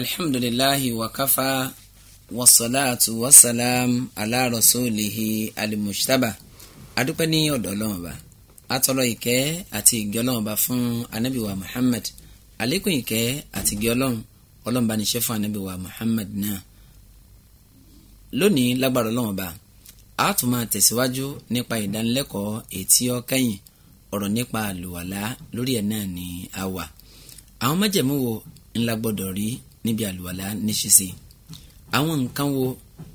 alhamdulilahi wakafa wasalaatu wasalaam ala rasulihi alimushtaba adúpẹ́ ní ọ̀dọ̀ ọlọ́mọba atọ́lọ́ ìkẹ́ àti ìgẹ́ ọlọ́mọba fún anabiwa muhammad àlékún ìkẹ́ àti ìgẹ́ ọlọ́run ọlọ́mọba níṣẹ́ fún anabiwa muhammad náà lónìí lágbára ọlọ́mọba a tún máa tẹ̀síwájú nípa ìdánilẹ́kọ̀ọ́ etí ọ̀kẹ́yìn ọ̀rọ̀ nípa àlùwàlá lórí ẹ̀ náà ni a wà àwọn májẹ̀mú wo ńlá gbọ́dọ̀ rí níbi àlùwàlá ní ṣíṣe àwọn nǹkan wo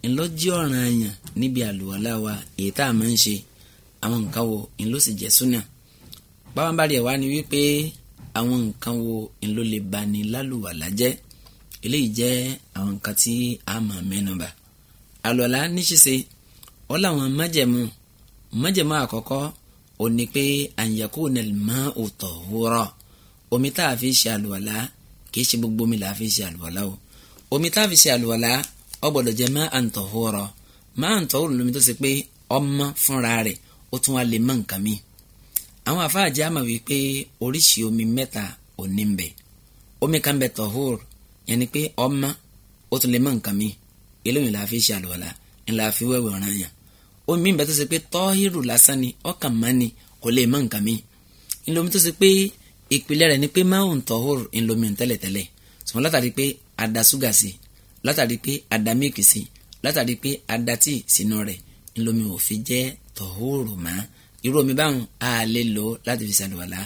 ńlọ́jí ọ̀ràn àyàn níbi àlùwàlá wa èyí tá a máa ń ṣe àwọn nǹkan wo ńlọ sì jẹ́ súnà báwọn bá rí ẹ̀ wá ni wípé àwọn nǹkan wo ńlọ lè bani lálùwàlá jẹ́ eléyìí jẹ́ àwọn nǹkan tí a máa mẹ́nubà àlùwàlá ní ṣíṣe ó láwọn májẹ̀mú májẹ̀mú àkọ́kọ́ ò pé àyàkó nílùmọ́ òtọ̀ wúrọ̀ omi tá a fi ṣe àlùwàlá kìí ṣe gbogbo omi là á fi ṣe àlùwàlá o omi tá a fi ṣe àlùwàlá ó gbọ́dọ̀ jẹ́ má à ń tọ̀ hóorọ má à ń tọ̀ hóorọ lómi tó ṣe pé ọmọ fúnra rẹ̀ ó tún wá lè mọ nǹkan mi àwọn àfáàjẹ́ àmọ̀ wípé oríṣi omi mẹ́ta ò ní bẹ̀ omi kan bẹ tọ̀ yẹn ni pé ọmọ ó tún lè mọ nǹkan mi eléyìí là ṣe àlùwàlá ńlá wẹ́wẹ́ ọ̀ràn yàn omi bẹ ìpìlẹ̀ rẹ̀ ni pé máwùn tọ́húr ńlọmi tẹ́lẹ̀tẹ́lẹ̀ ṣùgbọ́n látàrí pé a da ṣúgà sí látàrí pé a da míìkì sí látàrí pé a da tíì sínú rẹ̀ ńlọmi ò fi jẹ́ tọ́húrù mọ́ irú omi báwọn a lè lò láti fi ṣàlùwàlá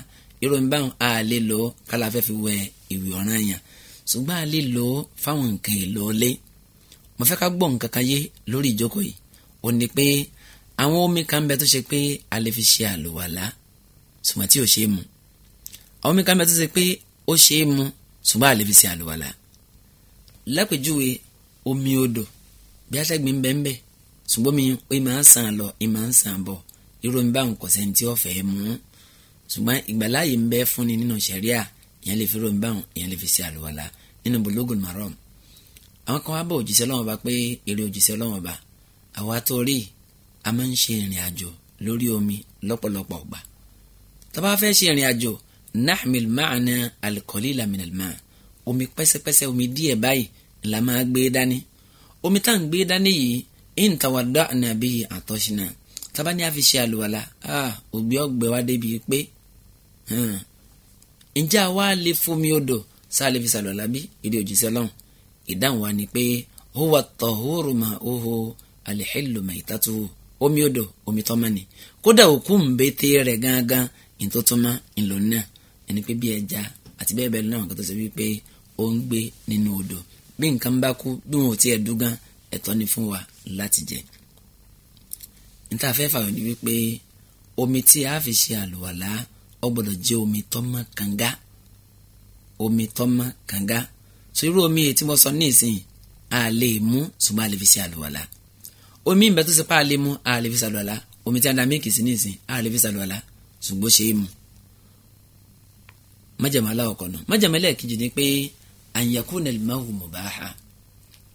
irú omi báwọn a lè lò kálá fẹ́ fi wẹ ìwé ọ̀ràn yàn ṣùgbọ́n a lè lò fáwọn nǹkan èlò ọlẹ́ mo fẹ́ ká gbọ́ nǹkan kan yé lórí ìjókòó yìí ó ní pé àwọn omi kan bẹ tó ṣe pé a lè fi ṣe àlùwàlá ṣùgbọ́n tí ò ṣe é mu àwọn mi ká mẹ́ta ṣe pé ó ṣe é mu ṣùgbọ́n àlè fi ṣe àlùwàlà lápèjúwe omi odò bí aṣẹ́gbìn bẹ́ńbẹ́ ṣùgbọ́n mi ò máa ń sàn lọ ì máa ń sàn bọ̀ irú omi báwọn kò sẹ́ni tí ó fẹ́ mu ṣùgbọ́n ìgbàláyè ń bẹ fúnni nínú ṣẹ̀ríà ìyẹn lè fi irú omi báwọn ìyẹn lè fi ṣe àlùwàlà nínú bulugul maram àwọn kan wá bọ̀ òjíṣẹ́ lọ́wọ́ bá pé èrè òjíṣẹ́ lọ́wọ́ bá àwa tó rí a máa ń ṣe ìrìn àjò lórí omi lọ́pọ̀lọpọ̀ ọ̀gbà tá bá fẹ́ ṣe ìrìn àjò nahmil ma'ana al-qalila min al-ma' omi pẹ́sẹ́pẹ́sẹ́ omi díẹ̀ báyìí la máa gbé dání omi tá à ń gbé dání yìí in tawadda'na bihi àtọ́sínà tábà ní a fi ṣe àlùwàlà ògbé ọgbẹ́ wa débi pé ǹjẹ́ àwa lè fomi odò sáà lè fi ṣàlùwàlà bí ìdí òjíṣẹ́ lọ́hùn ìdáhùn wa ni pé huwa tahuru ma'uhu al-hillu maitatuhu omi odò omi tọ́ kódà òkú ń bẹ́tẹ́ rẹ̀ gángan ìtótó ńlọ náà ẹni pé bí ẹja àti bẹ́ẹ̀ bẹ́ẹ̀ lọ́nà kan tó ṣe wípé ó ń gbé nínú odò bí nǹkan bá kú bí wọn ò tiẹ̀ dúgán ẹ̀tọ́ ni fún wa láti jẹ níta fẹ́ fàwọn ni wípé omi tí a fi ṣe àlùwàlá ó gbọ́dọ̀ jẹ́ omi tọ́mọ kànga omi tọ́mọ kànga so irú omi yìí tí mo sọ nísìnyí a lè mú ṣùgbọ́n a lè fi ṣe àlùwàlá omi ìbẹ́ pa a lè mú a lè fi ṣe omi tí a dá mílíkì sí nísìnyí a lè fi ṣe ṣùgbọ́n ṣe é mu májàmá aláwọ̀kọ̀ nù májàmá ẹlẹ́ẹ̀kejì ni pé àyànkú nàìjíríà mùbáhà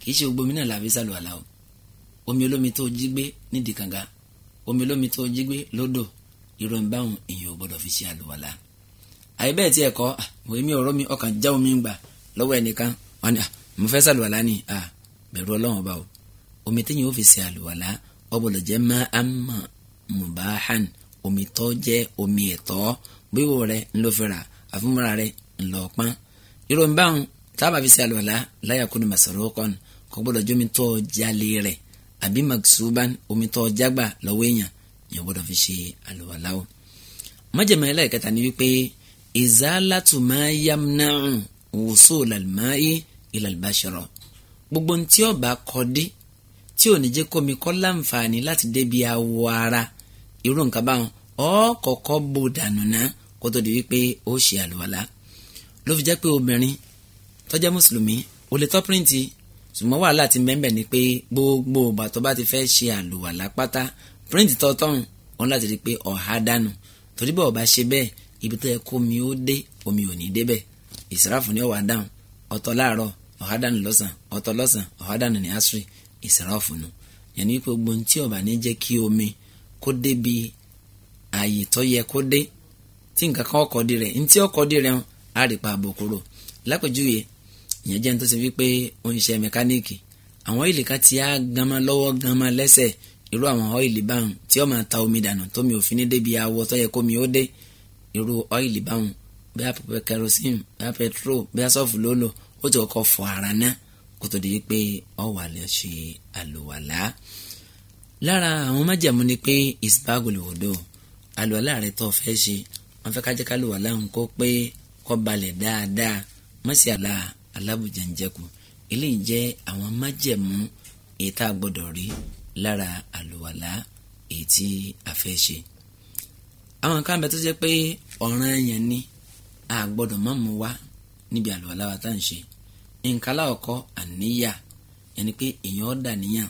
kì í ṣe gbogbo mìíràn làbí sálù aláwọ̀ omi olómi tó jí gbé nídìí kànga omi olómi tó jí gbé lódò ìròyìn báwọn èèyàn ò gbọdọ̀ fi ṣe àlùwàlà àyẹ̀bẹ́ẹ̀ tí ẹ̀kọ́ àwọn ah, èmi ọ̀rọ̀ mi ọkàn já omi ń gbà lọ́wọ́ ẹnìkan wọn ni ah, mo fẹ́ sàlùwàlà ni à ah, bẹ̀rù ọlọ́run ọba o omi téèyàn ó fi ṣe àlùwàlà ó gbọdọ̀ jẹ́ má a mọ̀ mubahan omi tó jẹ́ omi ẹ̀tọ́ bíwò rẹ̀ ń lọ fẹ́ra àfúnmọ́ra rẹ̀ ńlọ́pọ́n irú báwọn tábà fi ṣe àlùwàlá láyà kúndùn màsàrò kan kò gbọ́dọ̀ jó omi tó jalè rẹ̀ àbí maksuban omi tó jágbà lọ́wọ́ èèyàn yẹn gbọ́dọ̀ fi ṣe àlùwàlá o. májèmọ́ ẹlẹ́ẹ̀kẹta ni wípé izalatu ma yamna'u wusul al-ma'i ila al-bashara gbogbo ntí ọba kọ́dí tí ò ní jẹ́ kómi kọ́ láǹfààní láti débi awọ ara irú nǹkan báwọn ọ̀ọ́kọ̀ọ́kọ́ bò dànù náà kó tó di wípé ó ṣe àlùwàlá ló fi jẹ́ pé obìnrin tó jẹ́ mùsùlùmí ó lè tọ́ píríǹtì ṣùgbọ́n wàhálà ti mẹ́mẹ́ ni pé gbogbo ìgbà tó bá ti fẹ́ ṣe àlùwàlá pátá píríǹtì tọ́tọ́rùn òun láti rí i pé ọ̀há dànù torí bá ṣe bẹ́ẹ̀ ibi tó yẹ kó omi ó dé omi ò ní débẹ̀ ìsìráfù ni ó wà dáhùn ọ̀tọ̀ láàárọ̀ ọ̀há dànù lọ́sàn ọ̀tọ̀ lọ́sàn ọ̀há dànù ní asiri ìsìráfù nu yẹn ni pé ọba ní jẹ́ kí omi kó débi ààyè tó yẹ kó dé tí nǹkan kan ọkọ̀ di rẹ̀ ntí ọkọ̀ di rẹ̀ á rí pa àbọ̀ kúrò lápèjúwe ìyẹn jẹ́ nítorí wípé ó ń ṣe mẹkáníìkì àwọn ọ̀ìlì ká ti á gánmá lọ́wọ́ gánmá lẹ́sẹ̀ irú àwọn ọ̀ìlì báwọn tí ó máa ta omi dànù tómi òfin ní débi awọ tó yẹ kómi ó dé irú ọ̀ìlì báwọn bí apẹ̀pẹ̀ kerosene bí apẹ̀trol bí asọ́ọ̀fù lólo ó ti kọ́kọ́ fọ ara náà kó tó di pé ó wá lè ṣe àlùwàlá lára àwọn májàmú ni pé ìsìbáàgùlù òdo àlùwàlá rẹ̀ tó fẹ́ ṣe wọ́n fẹ́ kájẹ́ ká lò wà láwọn kó pé kó balẹ̀ dáadáa mọ́sí àlá alábùjẹ̀njẹ̀kù eléyìí jẹ́ àwọn májẹ̀mú èyí tá a gbọ́dọ̀ rí lára àlùwàlá èyí tí a fẹ́ ṣe. àwọn kan bẹ tó ṣe pé ọ̀ranyàn ni a gbọ́dọ̀ má mú wá níbi àlùwàlá wa tá à ń ṣe nǹkan aláwọ̀kọ́ àníyà yẹn ni pé èèyàn dà níyàn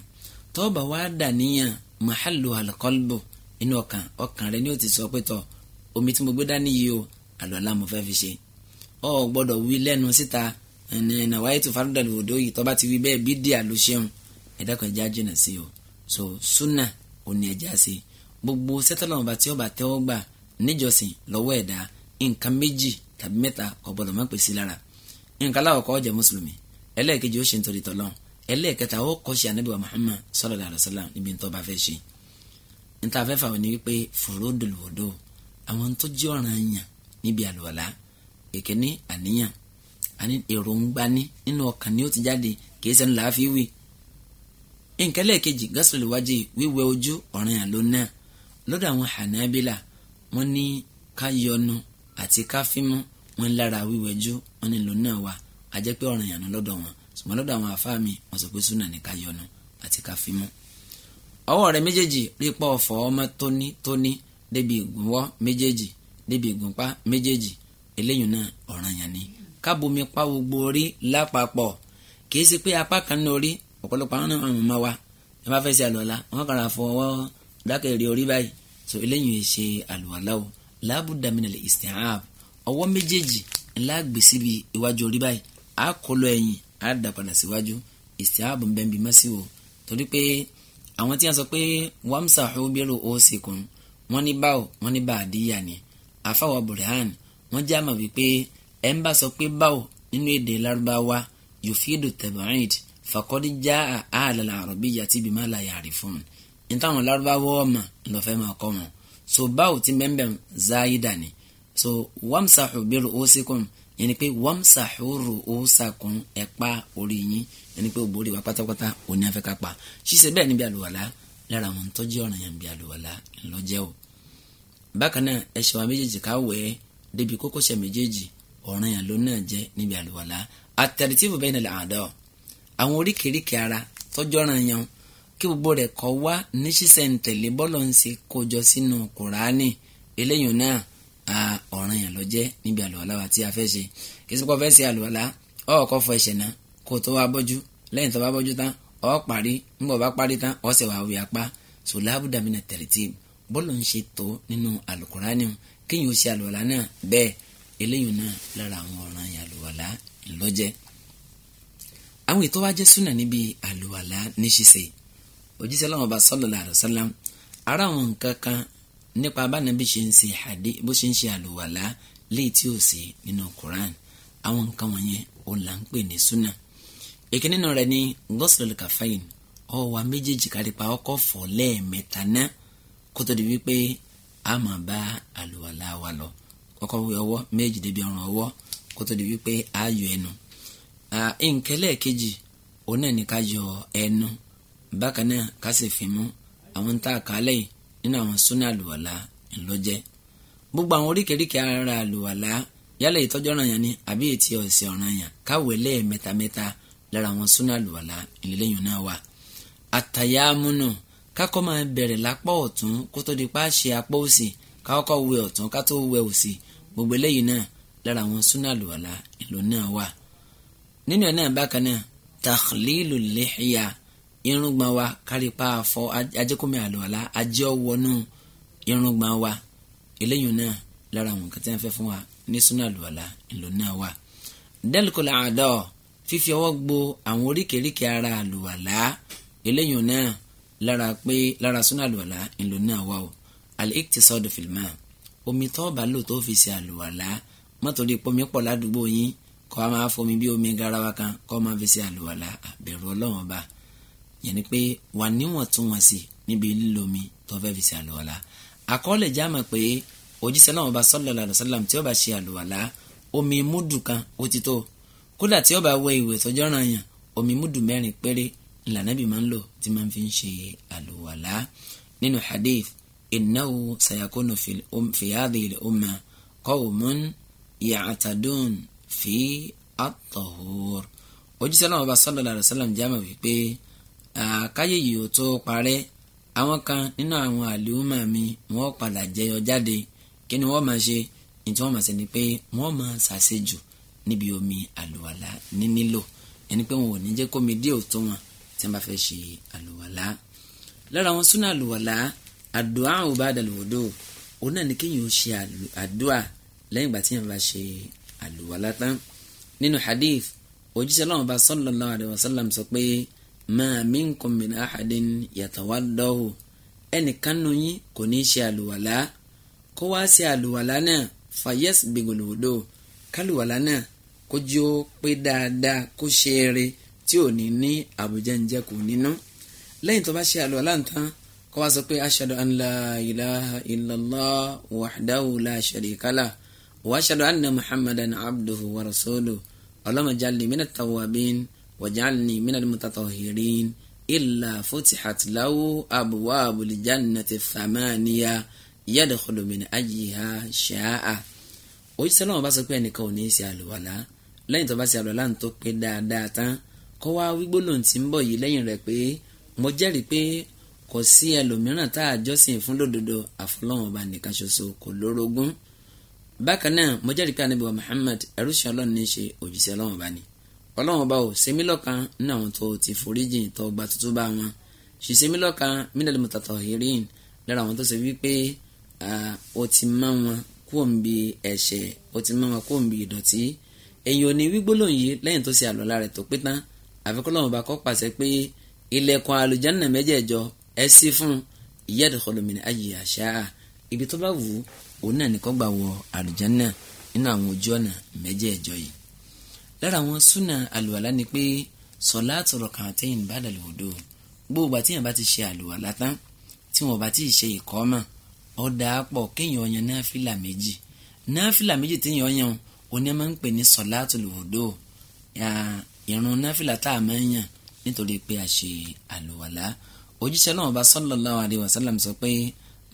tó bá dà níyàn màhálù alqalbu inú ọkàn ọkàn rẹ ni ó ti sọ pé tọ́ omi tí mo gbé dání yìí o àlùwàlá mo fẹ́ fi ṣe ọ gbọ́dọ̀ wí lẹ́nu síta ẹnìyàn wáyé tó farúdà lòdò yìí tọ́ba ti wí bẹ́ẹ̀ bí díà ló ṣeun ẹ̀dá kan jìnnà sí o so súnà ò ní ẹja sí gbogbo sẹ́tọ̀lọ́mọba tí ọba tẹ́wọ́ gbà níjọsìn lọ́wọ́ ẹ̀dá nǹkan méjì tàbí mẹ́ta ọ̀gbọ́dọ̀ má pèsè lára nǹkan láwọ̀kọ́ ọjà mùsùlùmí ẹlẹ́ẹ̀kejì ó ṣe nítorí tọ́lọ́ ẹlẹ́ẹ̀kẹta ó kọ́ ṣe anábìwá Muhammad sallallahu alaihi wasallam níbi tó bá fẹ́ ṣe níta afẹ́fà wọn ni wípé furudul wudu àwọn tó jẹ́ ọ̀ranyàn níbi àlùwàlá ìkíní àníyàn àní èròǹgbà ní nínú ọkàn ni ó ti jáde kìí sẹ́nu làáfi wí. nǹkan lẹ́ẹ̀kejì gásùlù wájì wíwẹ̀ ojú ọ̀ranyàn ló náà lọ́dọ̀ àwọn hànábìlà wọ́n ní ká yọnu àti ká fímú wọn lára wíwẹ̀ ojú wọn ni ló náà wà pé ọ̀ranyàn ni lọ́dọ̀ wọn ṣùgbọ́n lọ́dọ̀ àwọn àfáà mi wọ́n sọ pé súnà ní ká yọnu àti ká fímú. ọwọ́ rẹ̀ méjèèjì rí pọ̀ ọ̀fọ̀ ọmọ tóní tóní débi ìgúnwọ́ méjèèjì débi ìgúnpá méjèèjì eléyìí náà ọ̀ranyàn ni kábomi pa gbogbo orí lápapọ̀ kìí ṣe pé apá kan ní orí ọ̀pọ̀lọpọ̀ àwọn náà máa wá ẹ bá fẹ́ ṣe àlùwàlá wọn kàn fọwọ́ dákẹ́rẹ́ orí báyìí so eléyìí ṣe àlùwàlá o láàbùdá minal istihab ọwọ́ méjèèjì ńlá gbé síbi iwájú orí báyìí á kọlọ ẹ̀yìn á dà padà síwájú istihab ń bẹ́ẹ̀ bí má sí o torí pé àwọn tí wọ́n sọ pé wamsahu bi ru'usikum wọ́n ní báwo wọ́n ní bá àdíyà ni àfàwọ̀ burhan wọ́n jẹ́ àmọ̀ wípé ẹ̀ ń bá sọ pé báwo nínú èdè lárúbáwá yòfídù tẹ̀bọ̀rìd fàkọ́dí já àhàlàlà àròbíyà tí bímọ àlàyé àrífún ní táwọn ọmọ ńlọfẹ́ máa kọ́ wọn so báwo ti mẹ́mbẹ́m záyídà ni so wàmsàhù bẹ́rù ósìkùn yẹn ni pé wàmsàhù rù ósàkùn ẹ̀pá orí yín yẹn ni pé òbórí wa pátápátá òní afẹ́kápá ṣíṣe bẹ́ẹ̀ níbi àlùwàlá lára àwọn tó jẹ́ ọ̀ràn yàn bí àlùwàlá ńlọ́jẹ́ o bákan náà ẹsẹ̀ wa méjèèjì ká wẹ̀ ẹ́ débi kókósẹ̀ méjèèjì ọ̀ràn yàn ló náà jẹ́ níbi àlùwàlá àtẹ̀rẹ̀tìfù bẹ́ẹ̀ nílẹ̀ àdá ọ̀ àwọn oríkèéríkèé ara tọ́jú ọ̀ràn yàn kí gbogbo rẹ̀ kọ́ wá ní sísẹ̀ntẹ̀lé bọ́lọ̀ ń ṣe kójọ sínú kùránì eléyìí náà ọ̀ràn ọ parí ńbọ̀ bá parí tán ọ sẹ̀ wá wí apá so láàbùdà mi nà tẹ̀rẹ̀tì bọ́ọ̀lù ń ṣe tó nínú àlùkùránì kéèyàn ó ṣe àlùwàlá náà bẹ́ẹ̀ eléyìí náà lára àwọn ọ̀ràn àlùwàlá ńlọ́jẹ́ àwọn ètò wa jẹ́ súnà níbi àlùwàlá ní ṣíṣe òjíṣẹ́ lọ́wọ́ bá sallallahu alaihi wasallam ara àwọn nǹkan kan nípa abánabi ṣe ń ṣe àdé bó ṣe ń ṣe àlùwàlá léyìí tí ò sí nínú Quran àwọn nǹkan wọ̀nyẹn ò là ń pè ní súnà èké nínú ni gọ́sìlẹ̀ kàfẹ́yìn ọ̀wà méjèèjì kárípa ọkọ̀ fọ̀ lẹ́ẹ̀mẹ́ta náà kó tó di wípé a máa bá àlùwàlá wa lọ kọ́kọ́ wí ọwọ́ méjì débi ọrùn ọwọ́ kó tó di wípé a yọ ẹnu nkẹlẹ́ kejì òun náà ní ká yọ ẹnu bákan náà ká sì fi mú àwọn tá a kà á lẹ́yìn nínú àwọn súnà àlùwàlá ńlọ́jẹ́ gbogbo àwọn oríkèéríkèé ara àlùwàlá yálẹ̀ ìtọ́jú ọ̀ràn yẹn ni àbí ètí ọ̀sẹ̀ ọ̀ràn yẹn káwé lẹ́ẹ̀mẹ́ta mẹ́ta mẹ́ta lára àwọn súnà àlùwàlà ìlẹ́lẹ́yìn náà wà. àtàyàmúnà kákọ́ máa bẹ̀rẹ̀ lápá ọ̀tún kó tó di pa ṣe apá òsì kákọ́ wẹ ọ̀tún ká tó wẹ òsì gbogbo eléyìí náà lára àwọn súnà àlùwàlà ìlò náà wà. nínú ẹ̀ náà bákan náà tàxlílù lẹ́hìyà irùngbọ̀n wa kárípá afọ ajẹ́kùnmí àlùwàlà ajẹ́ ọ̀wọ́nú irùngbọ̀n wa eléyìí náà lára àwọn nǹkan fẹ́ fún wa ní súnà àlùwàlà ìlò náà wà. dẹ́lùkọ́lá àdọ́ọ̀ fífi ọwọ́ gbo àwọn oríkèéríkèé ara àlùwàlá eléyìí náà lára pé lára súnà àlùwàlá ńlò náà wà o al-iktisadu fil ma omi tó bá lò tó fi ṣe àlùwàlá mọ́tòrí pọ́nmi pọ̀ ládùúgbò yín kọ́ a máa fomi bí omi garawa kan kọ́ máa fi ṣe àlùwàlá àbẹ̀rù ọlọ́run ọba yẹn ni pé wà níwọ̀ntúnwọ̀nsì níbi lílomi tó fẹ́ fi ṣe àlùwàlá àkọọ́lẹ̀ jáàmà pé òjíṣẹ́ náà ọba sallallahu alaihi tí ó bá ṣe àlùwàlá omi múdù kan ó ti tó kódà tí ó bá wẹ ìwẹ̀ tọjọ́ ràn yàn omi múdù mẹ́rin péré lànàbì máa ń lò tí máa fi ń ṣe àlùwàlá nínú hadith innahu sayakunu um-, fi hadhihi al-umma qawmun ya'tadun fi at-tahur ojúṣe náà ọba sallallahu alaihi wasallam jáàmù wípé àkáyé yìí ò tó parẹ́ àwọn kan nínú àwọn àlùmọ̀ mi wọ́n padà jẹyọ jáde kí ni wọ́n máa ṣe ìtí wọ́n pé wọ́n máa ṣàṣejù níbi omi àlùwàlá ní nílò ẹni pé wọn ò ní jẹ́ kómi díẹ̀ tó wọn tí wọ́n bá fẹ́ ṣe àlùwàlá lára wọn súnà àlùwàlá àdúà ba'da al-wudu òun náà ni kéèyàn ṣe àdúà lẹ́yìn ìgbà tí wọ́n bá ṣe àlùwàlá tán nínú hadith òjíṣẹ́ lọ́wọ́ bá sallallahu alaihi wasallam sọ pé ma minkum min ahadin yatawaddahu ẹnìkan nù yín kò ní í ṣe àlùwàlá kó wá ṣe àlùwàlá náà fayasbighul wudu kálùwàlá náà kó jí ó pé dáadáa kó ṣe eré tí ò ní ní àbújá ǹjẹ́ kò nínú lẹ́yìn tó bá ṣe àlọ́ aláǹtán kó wá sọ pé ashadu an ilaha illallah wahdahu la sharika lah wa anna muhammadan abduhu wa rasuluhu allahumma ij'alni minat tawwabin waj'alni minal mutatahhirin illa futihat lahu abwabul jannati thamaniya yadkhulu min ayyiha sha'a òjíṣẹ́ náà bá sọ pé ẹnìkan ò ní í ṣe àlùwàlá lẹ́yìn tó bá ṣe àlọ́lá tó pé dáadáa tán kó wá wí gbólóhùn tí ń bọ̀ yìí lẹ́yìn rẹ̀ pé mo jẹ́rìí pé kò sí ẹlòmíràn tá a jọ́sìn fún lódodo àfọlọ́wọn ọba nìkan ṣoṣo kò lórogún bákan náà mo jẹ́rìí pé anábìwá Muhammad ẹrúṣin ọlọ́run ní í ṣe òjíṣẹ́ ọlọ́run ọba ni ọlọ́run ọba ò sẹ́mi lọ́kan ní àwọn tó ti foríjìn tó gba tuntun bá wọn ṣì sẹ́mi lọ́kan mílíọ̀nù mọ́tàtọ̀ hìrìn lára àwọn tó ṣe wípé ó ti mọ́ wọn kó ń bi ẹ̀ṣẹ̀ ó ti mọ́ wọn kó ń bi ìdọ̀tí èyàn ò ní wí gbólóhùn yìí lẹ́yìn tó ṣe àlọ́lá rẹ̀ tó pé tán àfikúnlọ́wọ́n bá kọ́ pàṣẹ pé ilẹ̀kùn àlùjánnà mẹ́jẹ̀ẹ̀jọ ẹ ṣí fún yadkhulu min ayyi àṣà ibi tó bá wù ú òun náà nìkan gbà wọ àlùjánnà nínú àwọn ojú ọ̀nà mẹ́jẹ̀ẹ̀jọ yìí lára àwọn súnà àlùwàlá ni pé sọ̀láàtù rak'atayn ba'dal wudu gbogbo àtìyàn bá ti ṣe àlùwàlá tán bá ti ṣe ìkọ́mà oní máa ń pè ní sọláàtúl wúdù ìrun náfìlà tá a máa ń yàn nítorí pé a ṣe àlùwàlá òjíṣẹ́ náà bá sallallahu alaihi wasallam sọ pé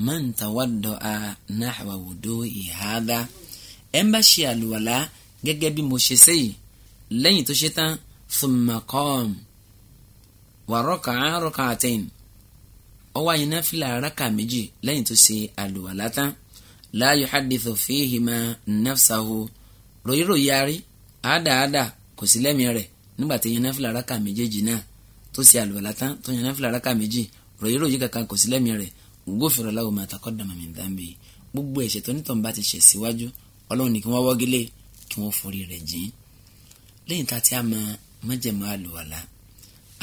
man tawadda'a nahwa wudu'i hadha ẹ̀ ń bá ṣe àlùwàlá gẹ́gẹ́ bí mo ṣe sẹ́yìn lẹ́yìn tó ṣe tán thumma qam wa raka'a ó wá náfìlà rákà méjì lẹ́yìn tó ṣe àlùwàlá tán la yuhaddithu fihima nafsahu ròyìnròyìn arí àádáàdá kò sí lẹ́mìí rẹ̀ nígbà tí yan náfìlà rákà méjèèjì náà tó ṣe àlùbọ̀lá tán tó yan náfìlà rákà méjì ròyìnròyìn kankan kò sí lẹ́mìí rẹ̀ gbófinró láwọn máa takọ́ dàmà mí dáńbé gbogbo ẹ̀ṣẹ̀ tó nítàn bá ti ṣẹ̀ síwájú ọlọ́run ní kí wọ́n wọ́gilé kí wọ́n forí rẹ̀ jìn lẹ́yìn tá a ti á máa májẹ̀mọ́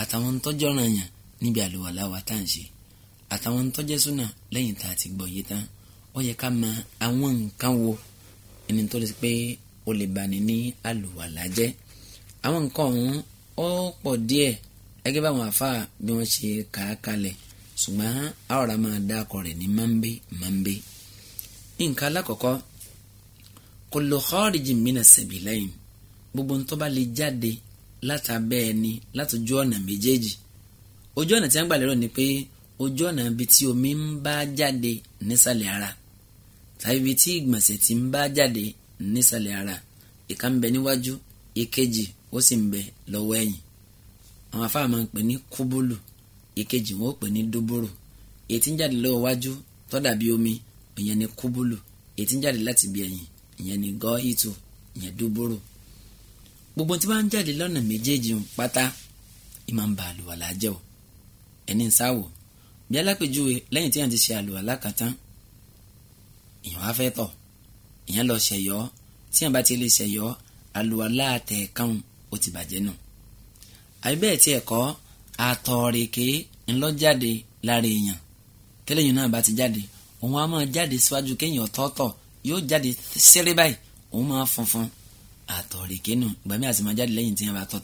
àtàwọn tọ́jọ́ ràn yàn níbi àlùwàlá wa tá à ń ṣe àtàwọn tọ́jẹ́ súnà lẹ́yìn tá a ti gbọ́ yé tán ó yẹ ká mọ àwọn nǹkan wo ẹni tó lè pé ó lè bani ní àlùwàlá jẹ́ àwọn nǹkan ọ̀hún ó pọ̀ díẹ̀ gẹ́gẹ́ báwọn àfáà bí wọ́n ṣe kà á kalẹ̀ ṣùgbọ́n àwòrán máa dá akọ rẹ̀ ní mọ́ńbé mọ́ńbé nǹkan alákọ̀ọ́kọ́ kullu kharijin mina sabilayn gbogbo ń tó bá lè jáde látàbẹ́ ẹni látòjú ọ̀nà méjèèjì ojú ọ̀nà tí wọ́n gbà lérò ni pé ojú ọ̀nà ibi tí omi ń bá jáde nísàlẹ̀ ara tàbí ibi tí ìgbọ̀nsẹ̀ ti ń bá jáde nísàlẹ̀ ara ìka ń bẹ níwájú ìkejì ó sì ń bẹ lọ́wọ́ ẹ̀yìn àwọn afáà máa ń pè ní kúbúlù ìkejì wọn ó pè ní dúbúrù ètí ń jáde lọ́wọ́ wájú tó dàbí omi ìyẹn ni kúbúlù ètí ń jáde láti ibi ẹ̀yìn ìyẹn ni gọ́ ìtò ìyẹn dúbúrù gbogbo tí wọ́n ń jáde lọ́nà méjèèjì ń pátá ìmọ̀ ń ba àlùwàlá jẹ́ o ẹni ń sáwò bí alápèjúwe lẹ́yìn tí wọ́n ti ṣe àlùwàlá kan tán wá fẹ́ tọ̀ ìyẹn lọ ṣẹ̀yọ́ tí yẹn bá ti lè ṣẹ̀yọ́ àlùwàlá àtẹ̀kàn ó ti bàjẹ́ nù. àbí bẹ́ẹ̀ tí ẹ̀kọ́ àtọ̀ọ̀rẹ̀kẹ́ ńlọ́jáde lára èèyàn tẹ́lẹ̀yìn náà bá ti jáde òun á máa jáde síwájú kéèyàn ọ̀tọ̀ọ̀tọ̀ yóò jáde sẹ́rẹ́ báyìí òun máa funfun àtọ̀ọ̀rẹ̀kẹ́ nù ìgbà míì àti máa jáde lẹ́yìn tí yẹn bá tọ̀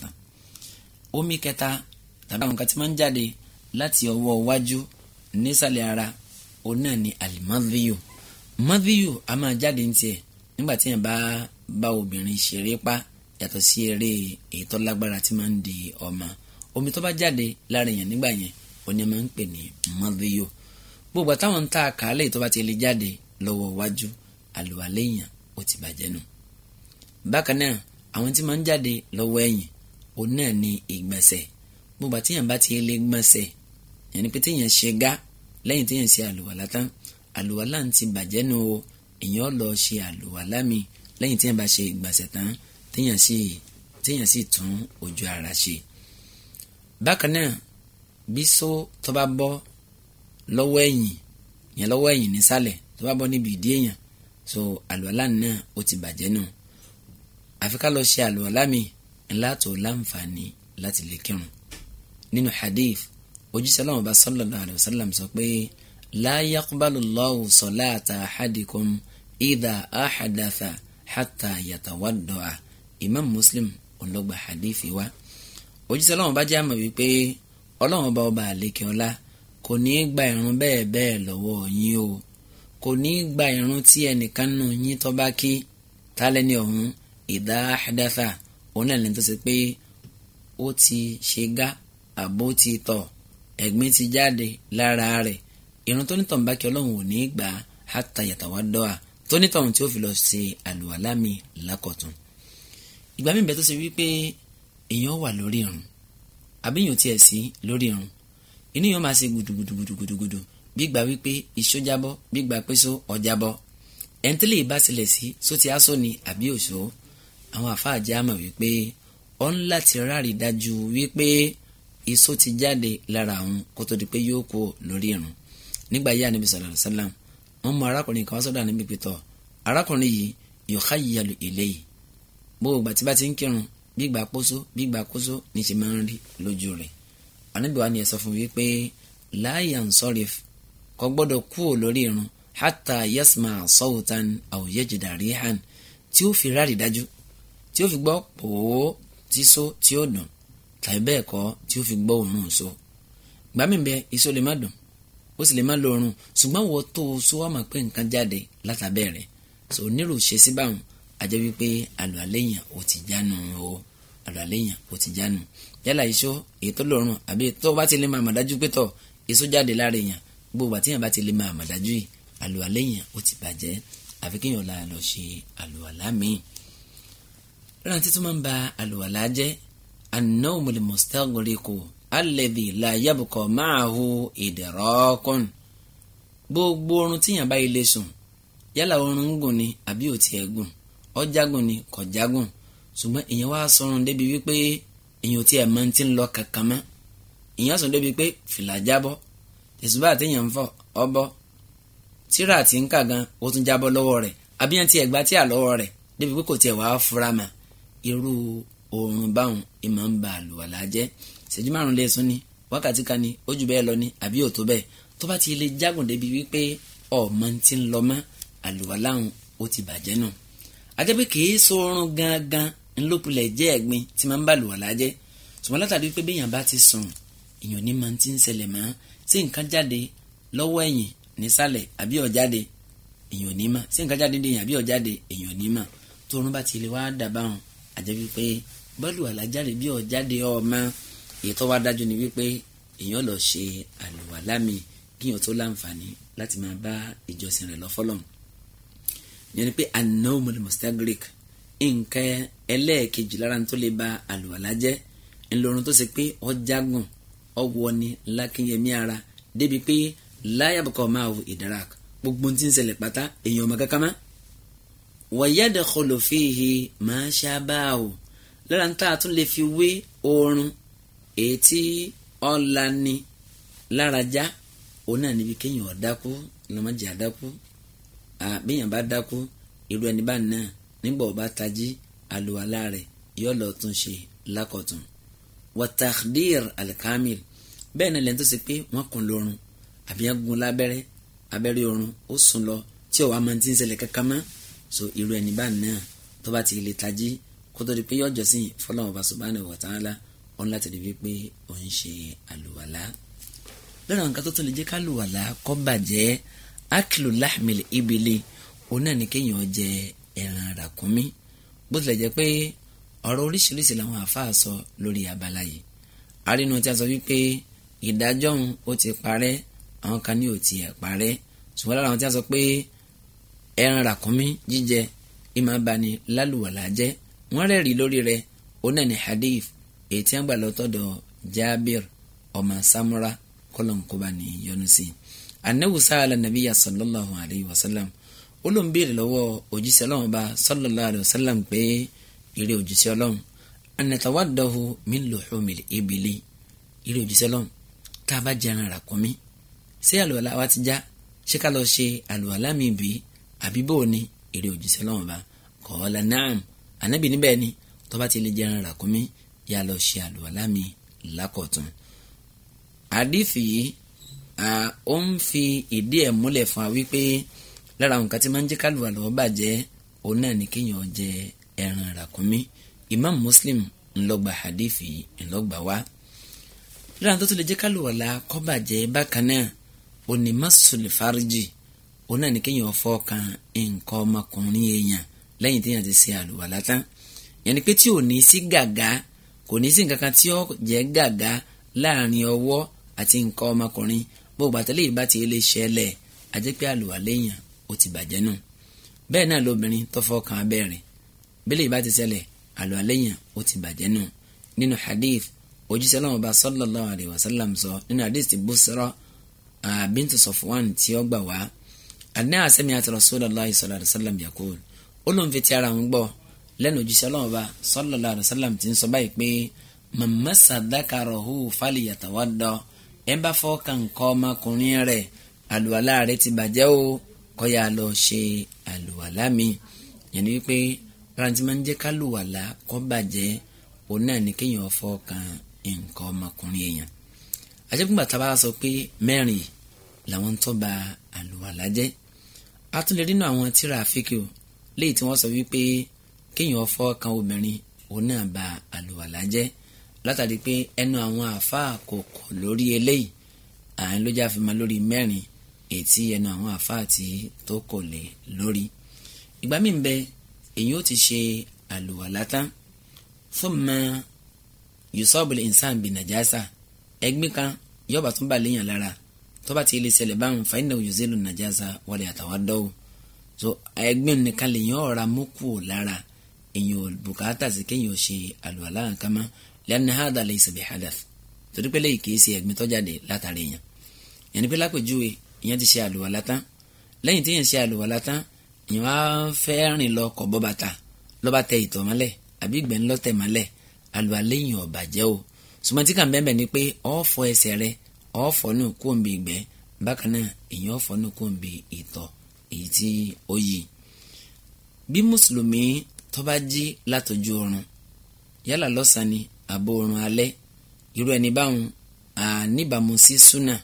omi kẹta tàbí àwọn kan ti máa ń jáde láti ọwọ́ iwájú nísàlẹ̀ ara òun náà ni alimadhiyo mọ́fíyù a máa jáde ní tiẹ̀ nígbà tí yẹn bá bá obìnrin ṣeré pa yàtọ̀ sí eré ètò lágbára tí máa ń di ọmọ omi tó bá jáde lára èèyàn nígbà yẹn oní máa ń pè ní mọ́fíyù gbogbo táwọn ń ta àkàálẹ̀ tó bá ti lè jáde lọ́wọ́ iwájú àlùwalẹ̀ èèyàn ó ti bàjẹ́ nù bákan náà àwọn tí máa ń jáde lọ́wọ́ ẹ̀yìn òun náà ni ìgbọ̀nsẹ̀ gbogbo àti yẹn bá ti lè gbọ̀nsẹ̀ yẹn ni pé téèyàn ṣe gá lẹ́yìn téèyàn ṣe àlùwalá tán àlùwàlá ń ti bàjẹ́ nu o èèyàn lọ ṣe àlùwàlá mi lẹ́yìn tí yẹn bá ṣe ìgbàsẹ̀ tán téèyàn sì téèyàn sì tún ojú ara ṣe. bákan náà bí só tó bá bọ́ lọ́wọ́ ẹ̀yìn yẹn lọ́wọ́ ẹ̀yìn nísàlẹ̀ tó bá bọ́ níbi ìdí èèyàn so àlùwàlá náà ó ti bàjẹ́ nù àfi ká lọ ṣe àlùwàlá mi ńlá tó láǹfààní láti lè kírun nínú hadith ojúṣe aláwọ̀ bá sallallahu alaihi sọ pé. So la yaqbalu Allahu salata ahadikum idha ahadatha hatta yatawadda'a imam muslim ọlọ́gba hadithi wa òjíṣẹ́ ọlọ́run bá jẹ́ àmọ̀ wípé ọlọ́run ọba ọba àlekè ọlá kò ní í gba ìrun bẹ́ẹ̀ bẹ́ẹ̀ lọ́wọ́ yín o kò ní í gba ìrun tí ẹnìkan nù yín tó bá kí tálẹ́ni ọ̀hún ìdá àdáfà òun náà lẹ́nu tó ṣe pé ó ti ṣe gá àbó ti tọ̀ ẹ̀gbín ti jáde lára rẹ̀ irun tó nítọ̀ ń bá kí ọlọ́run ò ní í gbà hátà dọ́à tó nítọ̀ ohun tí ó fi lọ ṣe àlùwàlá mi lákọ̀tún. ìgbà mi bẹ tó ṣe wípé èèyàn wà lórí irun àbíyàn tiẹ̀ sí lórí irun inú yóò máa ṣe gudugudugudugudu gbígbà wípé iṣó jábọ́ gbígbà péso ọ̀jábọ́ ẹ̀ńtẹ́lẹ̀ ìbáṣẹlẹ̀ sí sóti aṣọ ni àbí òṣó àwọn àfáàjẹ́ àmọ̀ wípé ó ń láti rárí dájú wípé iṣó ti jáde lára àwọn kó tó di pé yóò kó lórí irun nígbà yíyá níbi sọ̀rọ̀ sálàm wọ́n mú arákùnrin kan wá sọ́dọ̀ àníbi pẹ̀tọ́ arákùnrin yìí yòókà yíyalu èlé yìí gbogbo ìgbà tí bá ti ń kírun gbígbà kóso gbígbà kóso níṣẹ́ máa ń rí lójú rẹ̀ àníbi wa ni ẹ sọ fún mi pé láàyè ànsọ́rẹ̀ kò gbọ́dọ̀ kú ò lórí irun hátà yasma sọ́wọ́tàn àwòyẹ́jìdà ríhàn tí ó fi ráàlì dájú tí ó fi gbọ́ pòó tí so tí ó dùn tàbí bẹ́ẹ̀ kọ́ tí ó fi gbọ́ òórùn so gbàmí iṣó lè má dùn sì lè má lọ́rùn ṣùgbọ́n wọ́n tó o sọ wá mọ̀ pé nǹkan jáde látàbẹ̀rẹ̀ so nírò ṣe sí báwọn àjẹ́ wípé àlọ́ àléyàn ò ti jánu o àlọ́ àléyàn ò ti jánu yálà iṣó èyí tó lọ́rùn àbí tó o bá ti lè máa mọ̀ dájú pé tọ̀ èso jáde lára èèyàn gbogbo àti èèyàn bá ti lè máa mọ̀ yìí àlọ́ àléyàn ò ti bàjẹ́ àfi kéèyàn la lọ ṣe àlọ́ àlá míì rántí tó máa ń ba àlọ́ àlá jẹ́ an-nawmul mustaghriqu alẹ́dì la yabukọ̀ máa hu ìdẹ̀rọ́kùn gbogbo oorun tíyàn bá ilé sùn yálà oorun ń gùn ni àbí ò tiẹ̀ gùn ọjàgùn ni kọjàgùn ṣùgbọ́n èèyàn wá sọrun débi wípé èèyàn ò tiẹ̀ máa ti lọ kankan mọ́ èèyàn sọ débi pé fìlà jábọ́ tẹ̀sùbá àtẹ̀yàn ń fọ ọbọ̀ tíra àti ń kà gan ó tún jábọ́ lọ́wọ́ rẹ̀ ìṣẹ́jú márùn lè sún ni wákàtí kan ni ó jù bẹ́ẹ̀ lọ ni àbí ò tó bẹ́ẹ̀ tó bá ti lè jágùn débi wípé ọ̀mọ ti ń lọ mọ́ àlùwàláhùn ó ti bàjẹ́ nù. ajẹ́pẹ́ kì í sọ̀rùn gangan ńlọ́pùlẹ̀ jẹ́ ẹ̀gbin tí máa ń bá àlùwàlá jẹ́ ṣùgbọ́n látàrí pé béèyàn bá ti sùn èèyàn ní máa ti ń ṣẹlẹ̀ mọ́ tí nǹkan jáde lọ́wọ́ ẹ̀yìn nísàlẹ̀ àbí ó èèyàn ní mà sí nǹkan jáde èyí tó wá dájú ni wípé èèyàn lọ ṣe àlùwàlá mi kíyàn tó láǹfààní láti máa bá ìjọsìn rẹ̀ lọ fọ́lọ́run yẹn ni pé anaumul mustagrik nǹkan ẹlẹ́ẹ̀kejì lára tó lè ba àlùwàlá jẹ́ ńlọrun tó ṣe pé ọjàgùn ọwọ́ ni lákínyẹmí ara débi pé láyàbùkọ máa wò ìdarak gbogbo tí ń ṣẹlẹ̀ pátá èèyàn ọmọ kankan má. wàyádẹ kọlọ fìhì máa ṣáàbà o lára tá a tún lè fi wé oorun èyí tí ọ̀la ni lárajá òun náà níbi kéèyàn ọ̀dákú ìnàmọ́jì àdákú àbíyàn bá dákú irú ẹni bá náà nígbà ọba tají àlùwàlá rẹ̀ yóò lọ tún ṣe lákọ̀tún. wàtàkdír alkamil bẹ́ẹ̀ náà lẹ́nu tó ṣe pé wọ́n kùn lórun àbí wọ́n lábẹ́rẹ́ abẹ́rẹ́ orun ó sùn lọ tí ọ̀wá máa ti ń ṣẹlẹ̀ kankan mọ́ so irú ẹni bá náà tó bá ti lè tají kó tó di pé yọjọ́sìn fọlọ́wọ́n bá subhanahu wa ta'ala ọ̀n láti rí wípé ò ń ṣe àlùwàlá lọ́nà nǹkan tó tún lè jẹ́ ká lùwàlá kọ́ bàjẹ́ akilu lahmil ibili òun náà ni kéèyàn jẹ ẹran ràkúnmí bó tilẹ̀ jẹ́ pé ọ̀rọ̀ oríṣiríṣi làwọn àáfàá sọ lórí abala yìí arínú tí a sọ wípé ìdájọ́ òun ó ti parẹ́ àwọn kan ní ò tiẹ̀ parẹ́ ṣùgbọ́n lára àwọn tí sọ pé ẹran ràkúnmí jíjẹ ìmọ̀ lálùwàlá jẹ́ wọ́n rẹ̀rí lórí rẹ̀ òun náà ni hadith èyí tí wọ́n gbà lọ́tọ̀dọ̀ Jabir ọmọ Samura kọlọ̀nkọba ní yọnu sí i anahu sa'ala nabiya sallallahu alayhi wa sallam ó lọ́wọ́ òjíṣẹ́ ọlọ́run bá sallallahu alayhi wa sallam pé ìrẹ́ òjíṣẹ́ ọlọ́run anatawaddahu min luhumil ibili ìrẹ́ òjíṣẹ́ ọlọ́run tá a bá jẹran ràkúnmí ṣé àlùwàlá wa ti já ṣé ká lọ ṣe àlùwàlá mi bì í àbí bò ní ìrẹ́ òjíṣẹ́ ọlọ́run bá kọ́ọ́lá naam ànábì níbẹ̀ yà lọ ṣe àlùwàlá mi lákọ̀tún. àdìfì yìí ó ń fi ìdí ẹ̀ múlẹ̀ fún wa wípé lára nǹkan tí máa ń jẹ́ kálùwà lọ́wọ́ bàjẹ́ òun náà ní kéèyàn jẹ ẹran ràkúnmí Imam Muslim ńlọgba àdìfì ńlọgba wá. lára tó tún lè jẹ́ kálùwà la kó bàjẹ́ bákan náà òní masul fariji òun náà ní kéèyàn fọ́ kan nǹkan ọmọkùnrin èèyàn lẹ́yìn téèyàn ti ṣe àlùwàlá tán yẹn ni pé tí ò ní sí gàgá. Si kò ní sí nǹkan kan tí ó jẹ́ gàgà láàrin ọwọ́ àti nǹkan ọmọkùnrin gbogbo àtẹlẹ́ ìbá ti lè ṣẹlẹ̀ àjẹpẹ́ àlùwàléyàn ó ti bàjẹ́ nù bẹ́ẹ̀ náà lóbìnrin tó fọkàn abẹ́rẹ́ bẹ́lẹ̀ ìbá ti ṣẹlẹ̀ àlùwàléyàn ó ti bàjẹ́ nù nínú hadith ojúṣe lọ́wọ́ bá sallallahu alayhi wa sallam sọ nínú hadith ti Busra bintu Safwan tí ó gbà wá àdínà àsẹ́mi àti sallam yaqul ó lóun fi ti lẹ́nu ojúṣe ọlọ́run ọba sallallahu alaihi wasallam ti ń sọ báyìí pé màmá sàdákàrọ̀ hù fálì yàtọ̀wá dọ̀ ẹ bá fọ́ kàǹkọ́ ọmọkùnrin rẹ̀ àlùwàlá rẹ̀ ti bàjẹ́ o kó yá lọ ṣe àlùwàlá mi yẹn ni wípé rántí máa ń jẹ́ kálùwàlá kó bàjẹ́ òun náà ní kéèyàn fọ́ nǹkan ọmọkùnrin èèyàn àjẹkùngbà tá a bá sọ pé mẹ́rin làwọn tó ba àlùwàlá jẹ́ a tún lè rínú àwọn tírà àfikù léyìí tí wọ́n sọ wípé kéèyàn fọ́ kan obìnrin òun náà ba àlùwàlá jẹ́ látàrí pé ẹnu àwọn àáfàá kò kọ̀ lórí eléyìí àárín ló já fi máa lórí mẹ́rin ètí ẹnu àwọn àáfàá tí tó kò lè lórí. ìgbà míì bẹ èyí ó ti ṣe àlùwàlá tán fún mọ yusọ́ọ̀bù ìnsàn bì nàjásà ẹgbẹ́ kan yọba tún bá léèyàn lára tó ti lè ṣẹlẹ̀ báwọn fàyínà òyìnbó nàjásà wọlé àtàwọn dọ́wọ́ so ẹgbẹ́ nìkan lèèyàn ọ̀ra mú kù lára èyàn bùkátà sí kéèyàn ṣe àlùwàlá nǹkan mọ́ lẹ́nu hádà lè ṣe bí hadath torí pé lèyí kìí ṣe ẹ̀gbin tó jáde látàrí èèyàn yẹn ni pé lápèjúwe èèyàn ti ṣe àlùwàlá tán lẹ́yìn tí èèyàn ṣe àlùwàlá tán èèyàn á fẹ́ rìn lọ kọ̀ bọ́ bàtà lọ́ba tẹ ìtọ̀ mọ́lẹ̀ àbí ìgbẹ́ ńlọ́tẹ̀ mọ́lẹ̀ àlùwàlá èèyàn ò bàjẹ́ o ṣùgbọ́n tí kàn bẹ́ẹ̀ ni pé ó fọ ẹsẹ̀ rẹ̀ ó fọ nù kóńbi ìgbẹ́ bákan náà èèyàn ó fọ nù tó bá jí látọjú oorun yálà lọ́sàn-án ni àbò oorun alẹ́ irú ẹni báwọn àníbàmù sí súnà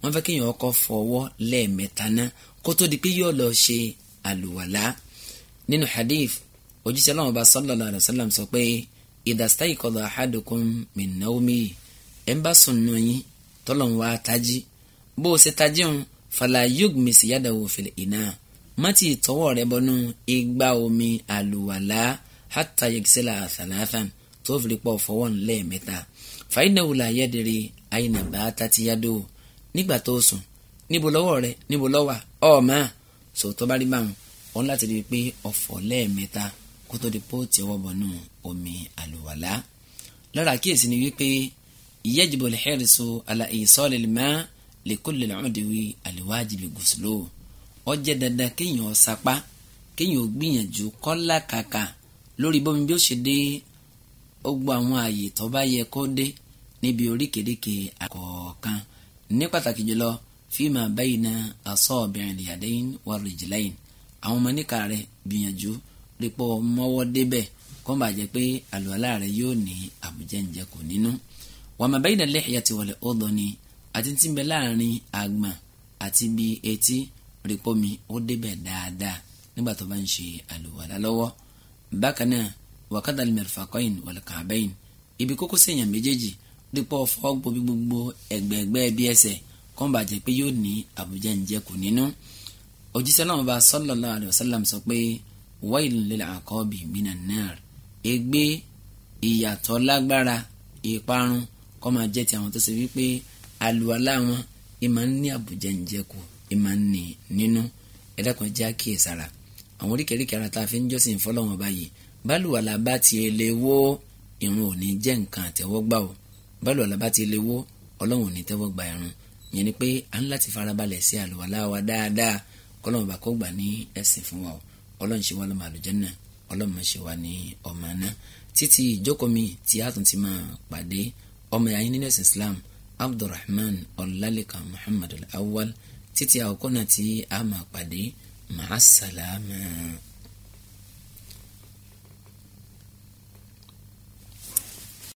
wọ́n fẹ́ kéèyàn ọkọ fọwọ́ lẹ́ẹ̀mẹ́ta náà kó tó di pé yóò lọ ṣe àlùwàlá nínú hadith òjíṣẹ́ aláwọ̀ bá sallallahu alaihi wasallam sọ pé ìdàstáyì kọlọ̀ ahadukum min nawmi ń bá sùn nù yín tọ́lọ̀ tají bó o ṣe tají òun fàlàyé yóò gbèsè yàdàwó fil mọ́tì tọwọ́ rẹ bọnú igbá omi àlùwàlá hátà yẹgisẹ́lá àtàlàfà tó fi pọ̀ fọwọ́ ńlẹ̀ mẹ́ta fàyínàwó la yẹ́dẹ̀rẹ́ àyìnàbá tàtíyádó nígbà tó sùn níbo lọ́wọ́ rẹ níbo lọ́wà ọ̀ọ́mà sòtọ́ bá rí báwọn ọ̀n láti rí i pé ọ̀fọ̀ lẹ́ẹ̀mẹ́ta kó tó di póòtì ọwọ́ bọnú omi àlùwàlá lára àkíyèsí ni wípé ìyẹ́jìbọ̀lẹ̀ hẹ́rìsọ àlà ìsọ́ọ̀lẹ̀ lè má lè ó jẹ́ dandan kéèyàn ó sapá kéèyàn ó gbìyànjú kọ́lá kàkà lórí bómi bí ó ṣe dé ó gbọ́ àwọn ààyè tó bá yẹ kó dé níbi oríkèéríkèé àkọ̀ọ̀kan ní pàtàkì jùlọ fíìmù àbáyìnà asọ́ọ̀bìnrin lìyàdẹ́yìn wàlúùjìláyìn àwọn ọmọ níka rẹ gbìyànjú rípọ̀ mọ́wọ́ débẹ̀ kó má jẹ́ pé àlùwàlá rẹ yóò ní àbújẹ́njẹ kò nínú. wàmà báyìí náà lẹ́yìn àti wọlé ọ̀dọ́ ni àti ti ń bẹ láàrin àgbọ̀n àti bíi etí rí pómi ó débẹ̀ dáadáa nígbà tó bá ń ṣe àlùwàlá lọ́wọ́ bákan náà wàkàtà al-mirfaqayn wal-ka'bayn ibi kókó sèèyàn méjèèjì dípò fọ́ gbobi gbogbo ẹ̀gbẹ̀ẹ̀gbẹ́ bí ẹsẹ̀ kọ́n bàjẹ́ pé yóò ní àbújá ń jẹ́ kù nínú òjíṣẹ́ náà bá sallallahu alaihi wasallam sọ pé wailun lil-a'qabi minan nar ègbé ìyàtọ̀ lágbára ìparun kó máa jẹ́ ti àwọn tó ṣe wípé àlùwàlá wọn ìmọ̀ ń ní àbújá ń jẹ́ ìmọ̀ nì nínú ẹ̀dàkùn jẹ́ àkíyèsára àwọn oríkèéríkèé ara tá a fi ń jọ́sìn fọlọ́wọn báyìí bálùwàlà bá ti lè wó irun ò ní jẹ́ nǹkan àtẹ́wọ́gbà o bálùwàlà bá ti lè wó ọlọ́run ò ní tẹ́wọ́ gba irun yẹn ni pé à ń láti farabalẹ̀ sí àlùwàlà wa dáadáa kọ́lọ́mọba kó gbà ní ẹ̀sìn fún wa o ọlọ́run ṣe wá lọ́mọ àlùjànnà ọlọ́run ṣe wá ní ọmọ náà títí ìjókòó tí a tún ti máa pàdé ọmọ yàrá nínú ẹ̀sìn Islam Abdulrahman Ọlálẹ́kan Muhammad Al-Awwal títí àkókò náà tí a máa pàdé màá sàlámà.